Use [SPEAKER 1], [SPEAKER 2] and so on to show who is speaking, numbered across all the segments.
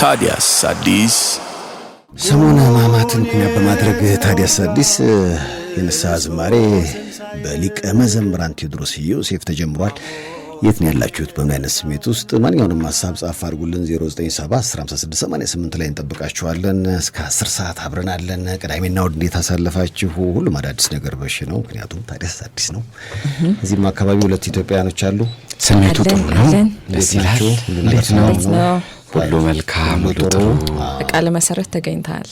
[SPEAKER 1] ታዲያስ አዲስ ሰሞነ ሕማማትን ምክንያት በማድረግ ታዲያስ አዲስ የንስሐ ዝማሬ በሊቀ መዘምራን ቴዎድሮስ ዮሴፍ ተጀምሯል። የት ነው ያላችሁት? በምን አይነት ስሜት ውስጥ? ማንኛውንም ሀሳብ ጻፍ አድርጉልን። 09715688 ላይ እንጠብቃችኋለን። እስከ 10 ሰዓት አብረናለን። ቅዳሜና እሑድ እንዴት አሳለፋችሁ? ሁሉም አዳዲስ ነገር በሽ ነው፣ ምክንያቱም ታዲያስ አዲስ ነው። እዚህም አካባቢ ሁለት ኢትዮጵያውያኖች አሉ።
[SPEAKER 2] ስሜቱ ጥሩ ነው። ደስ ይላል። እንዴት ነው?
[SPEAKER 1] ሁሉ መልካም ሁሉ ጥሩ።
[SPEAKER 2] ቃለ መሰረት ተገኝተሃል።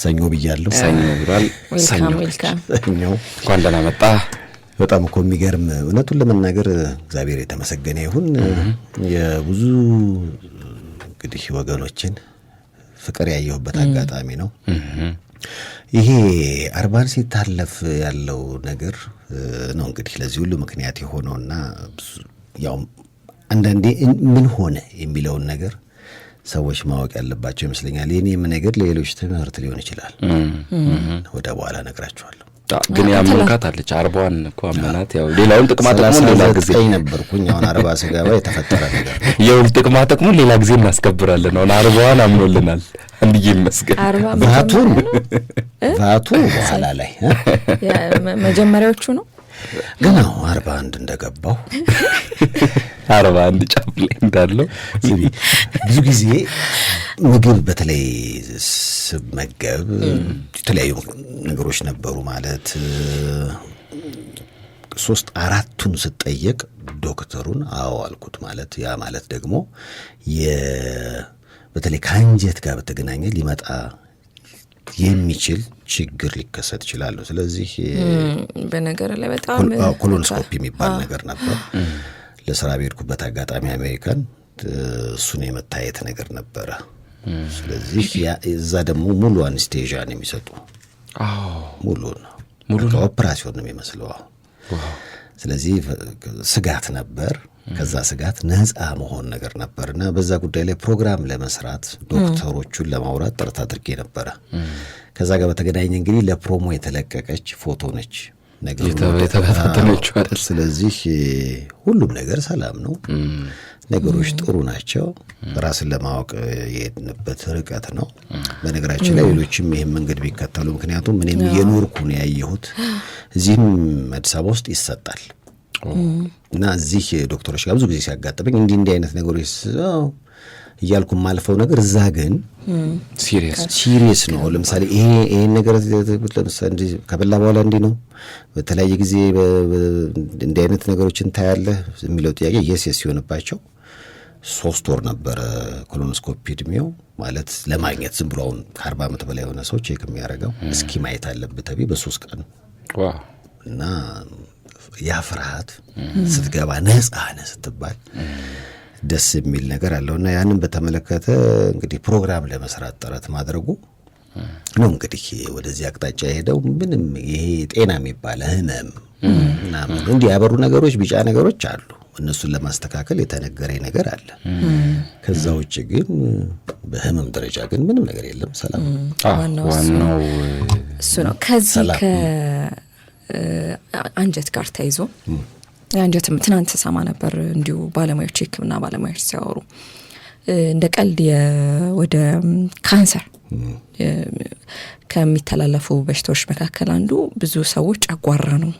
[SPEAKER 1] ሰኞ ብያለሁ።
[SPEAKER 3] ሰኞ ብሏል።
[SPEAKER 2] ሰኞ እንኳን
[SPEAKER 3] ደህና መጣ።
[SPEAKER 1] በጣም እኮ የሚገርም እውነቱን ለመናገር እግዚአብሔር የተመሰገነ ይሁን። የብዙ እንግዲህ ወገኖችን ፍቅር ያየሁበት አጋጣሚ ነው ይሄ። አርባን ሲታለፍ ያለው ነገር ነው እንግዲህ ለዚህ ሁሉ ምክንያት የሆነውና ያው አንዳንዴ ምን ሆነ የሚለውን ነገር ሰዎች ማወቅ ያለባቸው ይመስለኛል። የኔም ነገር ለሌሎች ትምህርት ሊሆን ይችላል። ወደ በኋላ እነግራችኋለሁ።
[SPEAKER 3] ግን ያመልካት አለች አርባዋን እኮ አመናት። ያው ሌላውን ጥቅማ ጥቅሙን ሌላ ጊዜ
[SPEAKER 1] ነበርኩኝ። አሁን አርባ ስገባ የተፈጠረ ነገር
[SPEAKER 3] የውል ጥቅማ ጥቅሙን ሌላ ጊዜ እናስከብራለን። አሁን አርባዋን አምኖልናል። አንድዬ ይመስገን።
[SPEAKER 2] ቫቱን
[SPEAKER 1] ቫቱ በኋላ ላይ
[SPEAKER 2] መጀመሪያዎቹ ነው።
[SPEAKER 1] ግን አሁን አርባ አንድ እንደገባው
[SPEAKER 3] አርባ አንድ ጫፍ ላይ እንዳለው
[SPEAKER 1] ብዙ ጊዜ ምግብ በተለይ ስመገብ የተለያዩ ነገሮች ነበሩ ማለት ሶስት አራቱን ስጠየቅ ዶክተሩን አዎ አልኩት። ማለት ያ ማለት ደግሞ በተለይ ከአንጀት ጋር በተገናኘ ሊመጣ የሚችል ችግር ሊከሰት ይችላሉ። ስለዚህ
[SPEAKER 2] በነገር ላይ በጣም
[SPEAKER 1] ኮሎኖስኮፒ የሚባል ነገር ነበር። ለስራ በሄድኩበት አጋጣሚ አሜሪካን እሱን የመታየት ነገር ነበረ። ስለዚህ እዛ ደግሞ ሙሉ አንስቴዣ ነው የሚሰጡ ሙሉ ኦፕራሲዮን ነው የሚመስለው። ስለዚህ ስጋት ነበር። ከዛ ስጋት ነፃ መሆን ነገር ነበር እና በዛ ጉዳይ ላይ ፕሮግራም ለመስራት ዶክተሮቹን ለማውራት ጥረት አድርጌ ነበረ። ከዛ ጋር በተገናኘ እንግዲህ ለፕሮሞ የተለቀቀች ፎቶ ነች
[SPEAKER 3] የተበታተነችው አይደል።
[SPEAKER 1] ስለዚህ ሁሉም ነገር ሰላም ነው፣ ነገሮች ጥሩ ናቸው። ራስን ለማወቅ የሄድንበት ርቀት ነው። በነገራችን ላይ ሌሎችም ይህን መንገድ ቢከተሉ፣ ምክንያቱም እኔም እየኖርኩ ነው ያየሁት። እዚህም አዲስ አበባ ውስጥ ይሰጣል እና እዚህ ዶክተሮች ጋር ብዙ ጊዜ ሲያጋጥመኝ እንዲህ እንዲህ አይነት ነገሮች እያልኩ የማልፈው ነገር እዛ ግን ሲሪየስ ነው። ለምሳሌ ይሄ ይሄን ነገር ከበላ በኋላ እንዲህ ነው፣ በተለያየ ጊዜ እንዲህ አይነት ነገሮችን ታያለህ የሚለው ጥያቄ የስ የስ ሲሆንባቸው ሶስት ወር ነበረ ኮሎኖስኮፒ እድሜው ማለት ለማግኘት ዝም ብሎ አሁን ከአርባ ዓመት በላይ የሆነ ሰው ቼክ የሚያደርገው እስኪ ማየት አለብህ ተብዬ በሶስት ቀን እና ያ ፍርሃት ስትገባ ነጻ ነህ ስትባል ደስ የሚል ነገር አለው እና ያንን በተመለከተ እንግዲህ ፕሮግራም ለመስራት ጥረት ማድረጉ ነው እንግዲህ ወደዚህ አቅጣጫ የሄደው። ምንም ይሄ ጤና የሚባለ ህመም ምናምን እንዲህ ያበሩ ነገሮች፣ ቢጫ ነገሮች አሉ። እነሱን ለማስተካከል የተነገረ ነገር አለ። ከዛ ውጭ ግን በህመም ደረጃ ግን ምንም ነገር የለም። ሰላም
[SPEAKER 2] ዋናው እሱ ነው። ከዚህ ከአንጀት ጋር ተይዞ የአንጀትም ትናንት ሰማ ነበር እንዲሁ ባለሙያዎች የህክምና ባለሙያዎች ሲያወሩ እንደ ቀልድ ወደ ካንሰር ከሚተላለፉ በሽታዎች መካከል አንዱ ብዙ ሰዎች ጨጓራ ነው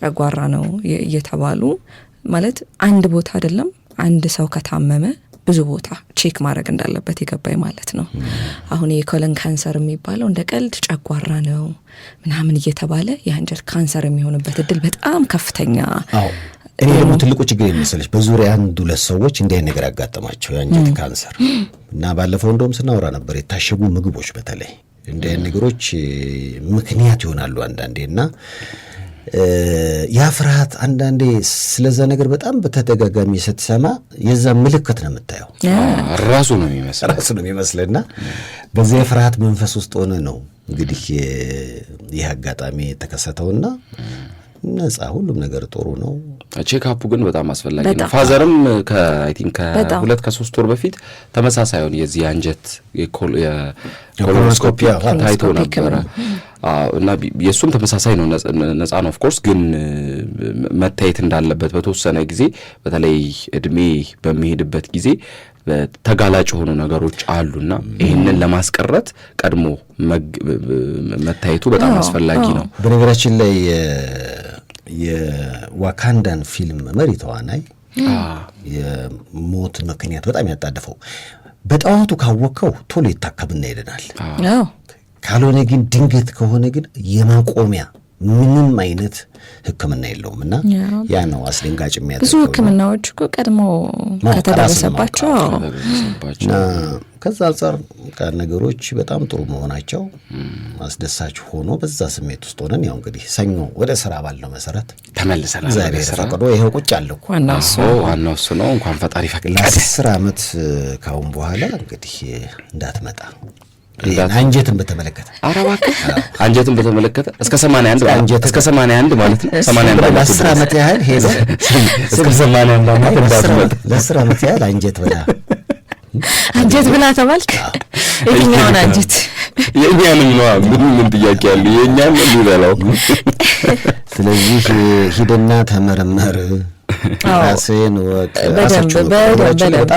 [SPEAKER 2] ጨጓራ ነው እየተባሉ ማለት አንድ ቦታ አይደለም አንድ ሰው ከታመመ ብዙ ቦታ ቼክ ማድረግ እንዳለበት የገባኝ ማለት ነው። አሁን የኮለን ካንሰር የሚባለው እንደ ቀልድ ጨጓራ ነው ምናምን እየተባለ የአንጀት ካንሰር የሚሆንበት እድል በጣም ከፍተኛ።
[SPEAKER 1] እኔ ደግሞ ትልቁ ችግር የሚመስለች በዙሪያ አንድ ሁለት ሰዎች እንዲህ ነገር ያጋጠማቸው የአንጀት ካንሰር እና ባለፈው እንደውም ስናወራ ነበር የታሸጉ ምግቦች በተለይ እንዲህ ነገሮች ምክንያት ይሆናሉ አንዳንዴ እና ያ ፍርሃት አንዳንዴ ስለዛ ነገር በጣም በተደጋጋሚ ስትሰማ የዛ ምልክት ነው የምታየው።
[SPEAKER 3] ራሱ ነው የሚመስል
[SPEAKER 1] ራሱ ነው የሚመስልና በዚያ የፍርሃት መንፈስ ውስጥ ሆነ ነው እንግዲህ ይህ አጋጣሚ የተከሰተውና ነጻ ሁሉም ነገር ጥሩ ነው።
[SPEAKER 3] ቼክአፑ ግን በጣም አስፈላጊ ነው። ፋዘርም ከሁለት ከሶስት ወር በፊት ተመሳሳዩን የዚህ አንጀት
[SPEAKER 1] የኮሎኖስኮፒ
[SPEAKER 3] ታይቶ ነበረ። እና የእሱም ተመሳሳይ ነው። ነፃ ነው ኦፍኮርስ፣ ግን መታየት እንዳለበት በተወሰነ ጊዜ በተለይ እድሜ በሚሄድበት ጊዜ ተጋላጭ የሆኑ ነገሮች አሉና ይህንን ለማስቀረት ቀድሞ መታየቱ በጣም አስፈላጊ ነው።
[SPEAKER 1] በነገራችን ላይ የዋካንዳን ፊልም መሪ ተዋናይ የሞት ምክንያት በጣም ያጣደፈው በጠዋቱ ካወቅከው ቶሎ ይታከምና ይደናል። ካልሆነ ግን ድንገት ከሆነ ግን የማቆሚያ ምንም አይነት ሕክምና የለውም እና ያ ነው አስደንጋጭ የሚያ
[SPEAKER 2] ብዙ ሕክምናዎች እኮ ቀድሞ ከተደረሰባቸው
[SPEAKER 1] እና ከዛ አንጻር ነገሮች በጣም ጥሩ መሆናቸው አስደሳች ሆኖ በዛ ስሜት ውስጥ ሆነን ያው እንግዲህ ሰኞ ወደ ስራ ባለው መሰረት ተመልሰናል። እግዚአብሔር ፈቅዶ ይኸው ቁጭ አለሁ።
[SPEAKER 3] ዋናው እሱ ነው። እንኳን ፈጣሪ ፈቅዶ
[SPEAKER 1] ለአስር ዓመት ካሁን በኋላ እንግዲህ እንዳትመጣ አንጀትን በተመለከተ
[SPEAKER 3] አንጀትን በተመለከተ እስከ 81 እስከ 81 ማለት ነው።
[SPEAKER 1] 81 ለአስር ዓመት ያህል ሄደ
[SPEAKER 3] እስከ 81 ማለት
[SPEAKER 1] እንዳትመጣ ለአስር ዓመት ያህል አንጀት ብላ
[SPEAKER 2] አንጀት ብላ ተባልክ። የትኛውን አንጀት?
[SPEAKER 3] የእኛንም ነዋ። ምን ምን ጥያቄ አለ? የእኛን የሚበላው
[SPEAKER 1] ስለዚህ ሂድና ተመረመረ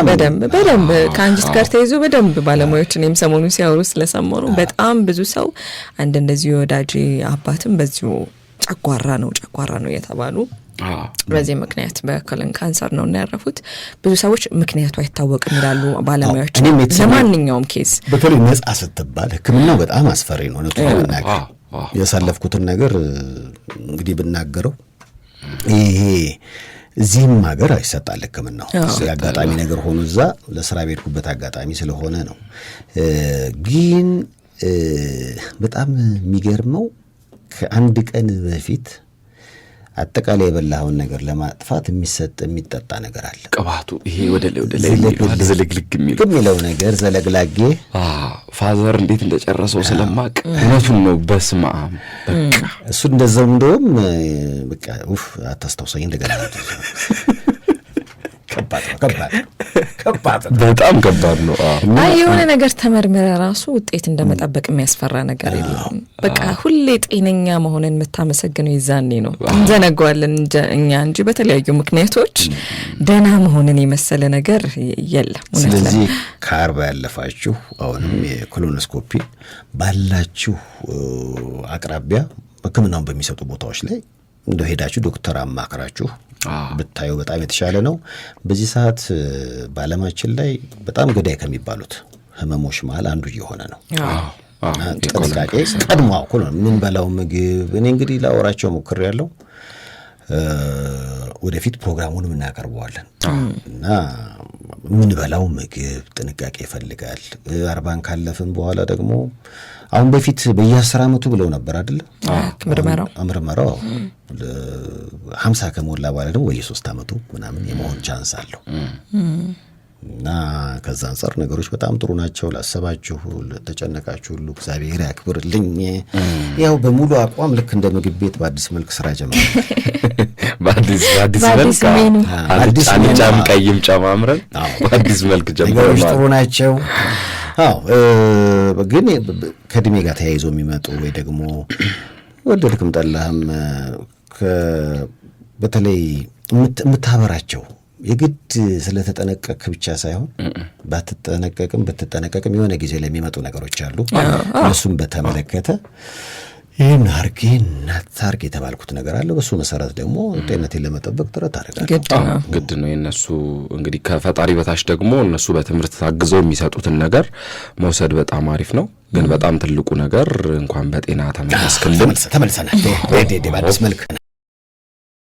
[SPEAKER 2] በደንብ በደንብ ከአንጅት ጋር ተይዞ በደንብ ባለሙያዎች እኔም ሰሞኑ ሲያወሩ ስለሰሞኑ በጣም ብዙ ሰው አንድ እንደዚሁ የወዳጅ አባትም በዚሁ ጨጓራ ነው ጨጓራ ነው የተባሉ በዚህ ምክንያት በኮለን ካንሰር ነው እና ያረፉት። ብዙ ሰዎች ምክንያቱ አይታወቅም ይላሉ ባለሙያዎች። ለማንኛውም ኬዝ
[SPEAKER 1] በተለይ ነጻ ስትባል ሕክምናው በጣም አስፈሪ ነው። ነቱ ብናገር ያሳለፍኩትን ነገር እንግዲህ ብናገረው ይሄ እዚህም ሀገር ይሰጣል ሕክምናው። የአጋጣሚ ነገር ሆኖ እዛ ለስራ ቤድኩበት አጋጣሚ ስለሆነ ነው። ግን በጣም የሚገርመው ከአንድ ቀን በፊት አጠቃላይ የበላኸውን ነገር ለማጥፋት የሚሰጥ የሚጠጣ ነገር አለ።
[SPEAKER 3] ቅባቱ ይሄ ወደ ላይ ወደ ላይ
[SPEAKER 1] ዝልግልግ የሚለው ነገር ዘለግላጌ
[SPEAKER 3] ፋዘር እንዴት እንደጨረሰው ስለማቅ እውነቱን ነው። በስመ አብ
[SPEAKER 1] በቃ እሱ እንደዛም እንደውም በቃ ኡፍ አታስታውሰኝ እንደገና
[SPEAKER 3] ከባድ ነው ከባድ ነው። ከባድ ነው፣ በጣም ከባድ ነው።
[SPEAKER 2] አይ የሆነ ነገር ተመርምረ ራሱ ውጤት እንደመጠበቅ የሚያስፈራ ነገር የለም። በቃ ሁሌ ጤነኛ መሆንን የምታመሰግነው ይዛኔ ነው። እንዘነጓለን እኛ እንጂ በተለያዩ ምክንያቶች ደህና መሆንን የመሰለ ነገር የለም።
[SPEAKER 1] ስለዚህ ከአርባ ያለፋችሁ አሁንም የኮሎኖስኮፒ ባላችሁ አቅራቢያ ሕክምናውን በሚሰጡ ቦታዎች ላይ እንደሄዳችሁ ዶክተር አማክራችሁ ብታየው በጣም የተሻለ ነው። በዚህ ሰዓት በዓለማችን ላይ በጣም ገዳይ ከሚባሉት ህመሞች መሀል አንዱ እየሆነ ነው። ጥንቃቄ ቀድሞ አኩ ነው የምንበላው ምግብ። እኔ እንግዲህ ላወራቸው ሞክር ያለው ወደፊት ፕሮግራሙንም እናቀርበዋለን እና የምንበላው ምግብ ጥንቃቄ ይፈልጋል። አርባን ካለፍን በኋላ ደግሞ አሁን በፊት በየአስር ዓመቱ ብለው ነበር አይደለ? ምርመራው ሀምሳ ከሞላ በኋላ ደግሞ በየሶስት ዓመቱ ምናምን የመሆን ቻንስ አለው። እና ከዛ አንጻር ነገሮች በጣም ጥሩ ናቸው። ላሰባችሁ፣ ለተጨነቃችሁ ሁሉ እግዚአብሔር ያክብርልኝ። ያው በሙሉ አቋም ልክ እንደ ምግብ ቤት በአዲስ መልክ ስራ ጀመረ።
[SPEAKER 3] በአዲስ መልክ አልጫም ቀይም ጨማምረን በአዲስ መልክ
[SPEAKER 1] ጀመረ። ጥሩ ናቸው። አዎ፣ ግን ከእድሜ ጋር ተያይዞ የሚመጡ ወይ ደግሞ ወደድክም ጠላህም በተለይ የምታበራቸው የግድ ስለተጠነቀቅ ብቻ ሳይሆን ባትጠነቀቅም ብትጠነቀቅም የሆነ ጊዜ ለሚመጡ ነገሮች አሉ። እነሱም በተመለከተ ይህን አርጌ እናታርግ የተባልኩት ነገር አለ። በሱ መሰረት ደግሞ ጤነቴን ለመጠበቅ ጥረት አደርጋለሁ።
[SPEAKER 3] ግድ ነው የነሱ እንግዲህ ከፈጣሪ በታች ደግሞ እነሱ በትምህርት ታግዘው የሚሰጡትን ነገር መውሰድ በጣም አሪፍ ነው። ግን በጣም ትልቁ ነገር እንኳን በጤና ተመለስክልን
[SPEAKER 1] ተመልሰናል በአዲስ መልክ